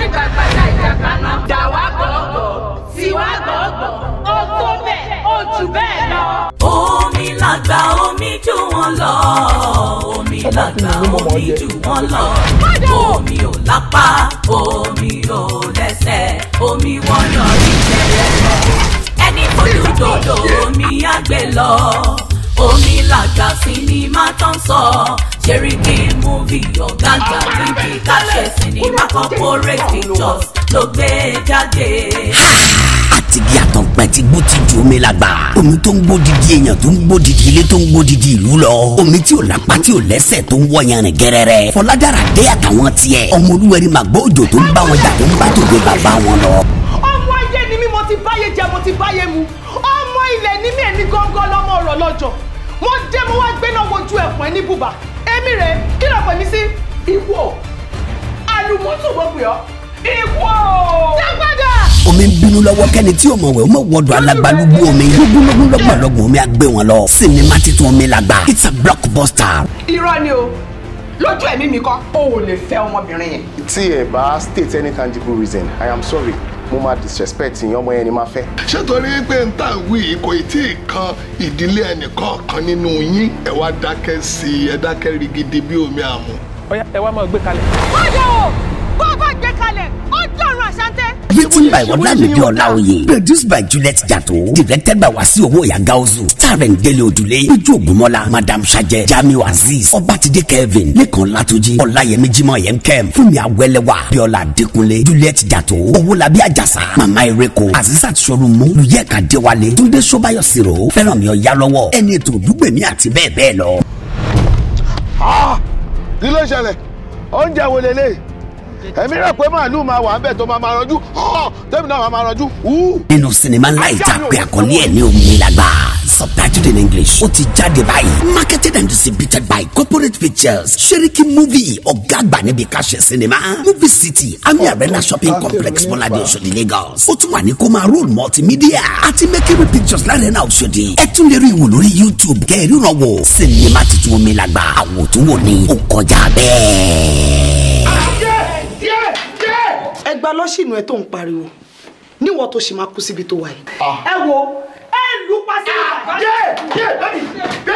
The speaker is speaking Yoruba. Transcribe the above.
láti gbàgbàdà ìjàkánná. dàwa gbọ̀ngbọ̀n tiwa gbọ̀ngbọ̀n ó tó bẹ́ẹ̀ ó jù bẹ́ẹ̀ lọ. omi làgbà omi jù wọ́n lọ omi làgbà omi jù wọ́n lọ omi ò lápá omi ò lẹ́sẹ̀ omi wọ́n yọrí tẹ́lẹ̀ lọ ẹni fojú dodo omi á gbé lọ omi làgbà sinimá tán sọ. Ṣẹ́ríkí múvì ọ̀gá àgbà bíbí káṣẹ́ sinimá corporate pictures ló gbé jáde àtigi àtọ̀pẹ́ ti gbó ti ju omi la gbà. omi tó ń gbó didi èèyàn tó ń gbó didi ilé tó ń gbó didi ìlú lọ. omi tí ò lápá tí ò lẹ́sẹ̀ tó ń wọ̀yàn rìn gẹ́rẹ́rẹ́. fọlájára dé àtàwọn tiẹ̀. ọmọ olúwẹ̀rí màgbọ́ òjò tó ń bá wọn jà tó ń bá tòde bàbá wọn lọ. ọmọ ayé ni mí mo ti báyé jẹ mo ti báyé mu ọmọ ilẹ̀ ni mí èmi gángan lọ́mọ ọ̀rọ̀ lọ́jọ́ mo dé mo wá gbéná wojú ẹ̀kún ẹ̀ ní èmi rèé kí ló pè mí sí. ìwọ àlùmọ́tò gbogbo ọ ìwọ. dá padà omi ń bínú lọ́wọ́ kẹ́ni tí o mọ̀ wẹ̀ o mọ̀ wọ́dọ̀ alágbálúgbú omi lógúnlógún lọ́gbọ̀nlọ́gbọ̀n omi á gbé wọn lọ sinimá titun omi la gbà it's a blockbuster. irọ́ ni o lójú ẹ̀mí mi kọ́ o ò lè fẹ́ ọmọbìnrin yẹn. tí ẹ bá state any tangible reason i am sorry mo máa disrespect ìyẹn ọmọ yẹn ni máa fẹ́. ṣé torí pé n tà wí kò tí ì kan ìdílé ẹnìkan kan nínú yín ẹ wá dákẹ́ sí i ẹ dákẹ́ rigidi bí omi àmú. ọ̀yá ẹ wá máa gbé kalẹ̀. wájú written by ọlámídé ọláoyè produced by juliet jato directed by wasiu owó yagaozu starring délé odùlé péjú ògúnmọ́lá madam sajẹ jamiu aziz ọbátidé kevin lẹ́kàn látúnjì ọláyẹmí jimoh yẹn kẹ́m fúnmi awẹ́lẹ́wà bíọ́lá adékúnlé juliet jato owólabí àjàsà mama ereko azizat sọrùmú lùyẹ́ka déwálé túndé sọ́báyọ̀ sírò fẹ́ràn mi ọ̀ yálọ́wọ́ ẹni ètò òdúgbèmí àti bẹ́ẹ̀ bẹ́ẹ̀ lọ. Ah! kí ló ṣẹlẹ̀ oúnjẹ wo lélẹ́yìí èmi rẹ̀ pé màálù máa wà ńbẹ̀ tó máa máa ranjú tẹ́mi náà máa máa ranjú. nínú sinimá ńlá ìtàpé àkọlé ẹ̀ ní omi lágbà subtitled in english ó ti jáde báyìí marketed and distributed by corporate pictures seriki movie ọ̀gá àgbà níbi káṣẹ sinimá movie city ami arena shopping complex bọ́ládé ọ̀ṣọ́dì lagos ó tún wà ní koma road multimedia àti mekiri pictures lárẹ́nà ọ̀ṣọ́dì ẹ tún lè rí ìwò lórí youtube kẹ́ẹ̀rí ràn wò sinimá tuntun omi lágbà àwòtúnwò ni ó kọjá bẹ́ẹ̀ ta ló ṣìnà ẹ tó ń pariwo níwọ tó ṣì máa kú síbi tó wà yìí. Ah. ẹ wo ẹ lù pa sí.